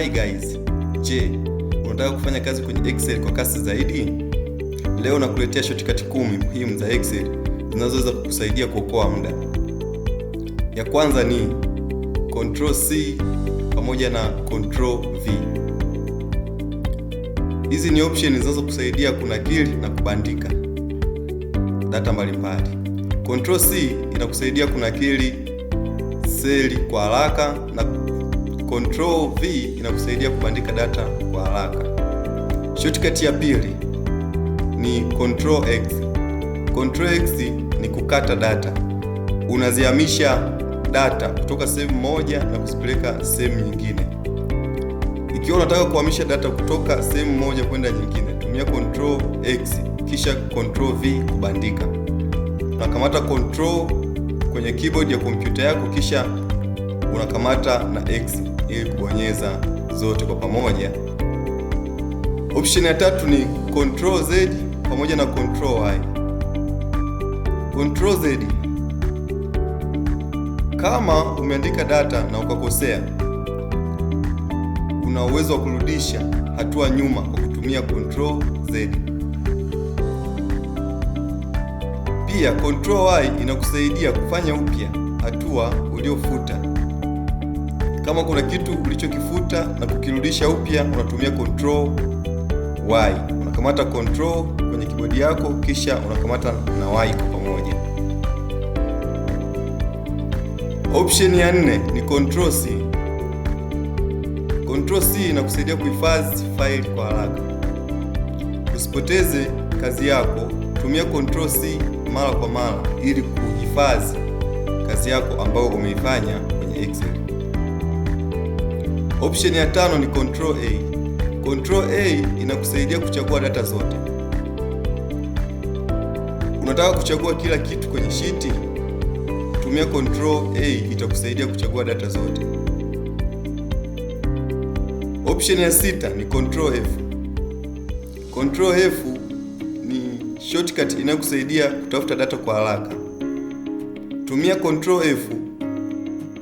Hi guys, je, unataka kufanya kazi kwenye Excel kwa kasi zaidi? Leo nakuletea shortcut kumi muhimu za Excel zinazoweza kukusaidia kuokoa muda. Ya kwanza ni Control C pamoja na Control V. Hizi ni option zinazokusaidia kunakili na kubandika data mbalimbali. Control C inakusaidia kunakili seli kwa haraka na Control V inakusaidia kubandika data kwa haraka. Shortcut ya pili ni Control X. Control X ni kukata data, unazihamisha data kutoka sehemu moja na kuzipeleka sehemu nyingine. Ikiwa unataka kuhamisha data kutoka sehemu moja kwenda nyingine, tumia Control X kisha Control V kubandika. Unakamata Control kwenye keyboard ya kompyuta yako kisha unakamata na X ili kubonyeza zote kwa pamoja. Option ya tatu ni control z pamoja na control y. Control z, kama umeandika data na ukakosea, una uwezo wa kurudisha hatua nyuma kwa kutumia control z. Pia control y inakusaidia kufanya upya hatua uliofuta. Kama kuna kitu ulichokifuta na kukirudisha upya, unatumia control y. Unakamata control kwenye kibodi yako, kisha unakamata na y kwa pamoja. Option ya nne ni control c. Control c inakusaidia kuhifadhi faili kwa haraka. Usipoteze kazi yako, tumia control c mara kwa mara ili kuhifadhi kazi yako ambayo umeifanya kwenye Excel. Option ya tano ni control A. Control A inakusaidia kuchagua data zote. Unataka kuchagua kila kitu kwenye shiti? Tumia control A, itakusaidia kuchagua data zote. Option ya sita ni control F. Control F ni shortcut inayokusaidia kutafuta data kwa haraka. Tumia control F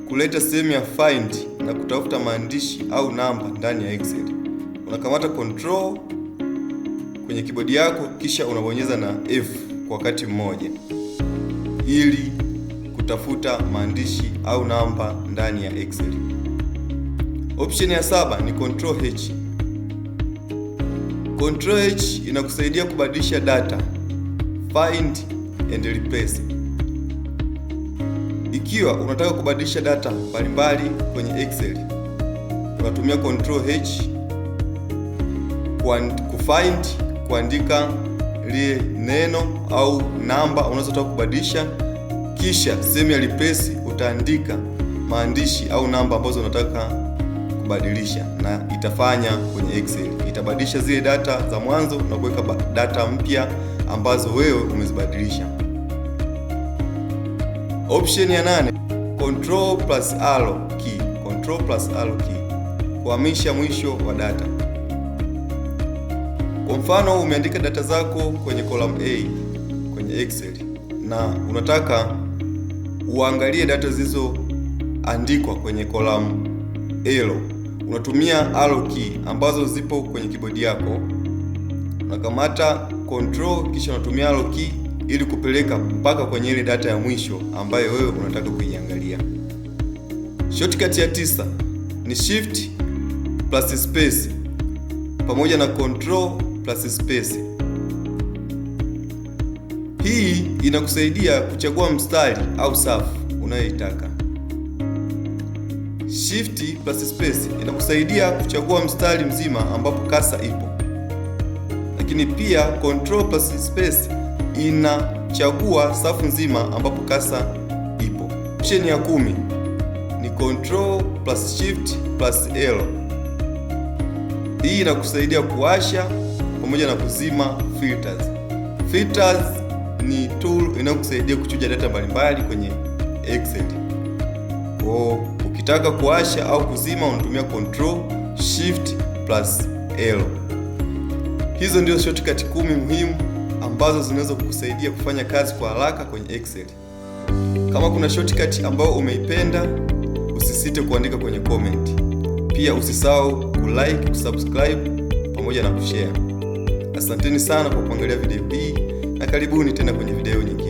kuleta sehemu ya find na kutafuta maandishi au namba ndani ya Excel. Unakamata control kwenye kibodi yako kisha unabonyeza na F kwa wakati mmoja ili kutafuta maandishi au namba ndani ya Excel. Option ya saba ni control H. Control H inakusaidia kubadilisha data, find and replace. Ikiwa unataka kubadilisha data mbalimbali kwenye Excel, unatumia control H kufind, kuandika lile neno au namba unazotaka kubadilisha, kisha sehemu ya replace utaandika maandishi au namba ambazo unataka kubadilisha, na itafanya kwenye Excel, itabadilisha zile data za mwanzo na kuweka data mpya ambazo wewe umezibadilisha. Option ya nane, control plus arrow key, control plus arrow key, kuhamisha mwisho wa data. Kwa mfano umeandika data zako kwenye column A kwenye Excel na unataka uangalie data zilizoandikwa kwenye column L, unatumia arrow key ambazo zipo kwenye kibodi yako, unakamata control kisha unatumia arrow key ili kupeleka mpaka kwenye ile data ya mwisho ambayo wewe unataka kuiangalia. Shortcut ya tisa ni shift plus space pamoja na control plus space. Hii inakusaidia kuchagua mstari au safu unayoitaka. Shift plus space inakusaidia kuchagua mstari mzima ambapo kasa ipo, lakini pia control plus space inachagua safu nzima ambapo kasa ipo. Option ya kumi ni control plus shift plus L. Hii inakusaidia kuwasha pamoja na kuzima filters. Filters ni tool inayokusaidia kuchuja data mbalimbali kwenye Excel. Kwa ukitaka kuwasha au kuzima unatumia control shift plus L. Hizo ndio shortcut kumi muhimu ambazo zinaweza kukusaidia kufanya kazi kwa haraka kwenye Excel. Kama kuna shortcut ambayo umeipenda, usisite kuandika kwenye comment. Pia usisahau kulike, kusubscribe pamoja na kushare. Asanteni sana kwa kuangalia video hii na karibuni tena kwenye video nyingine.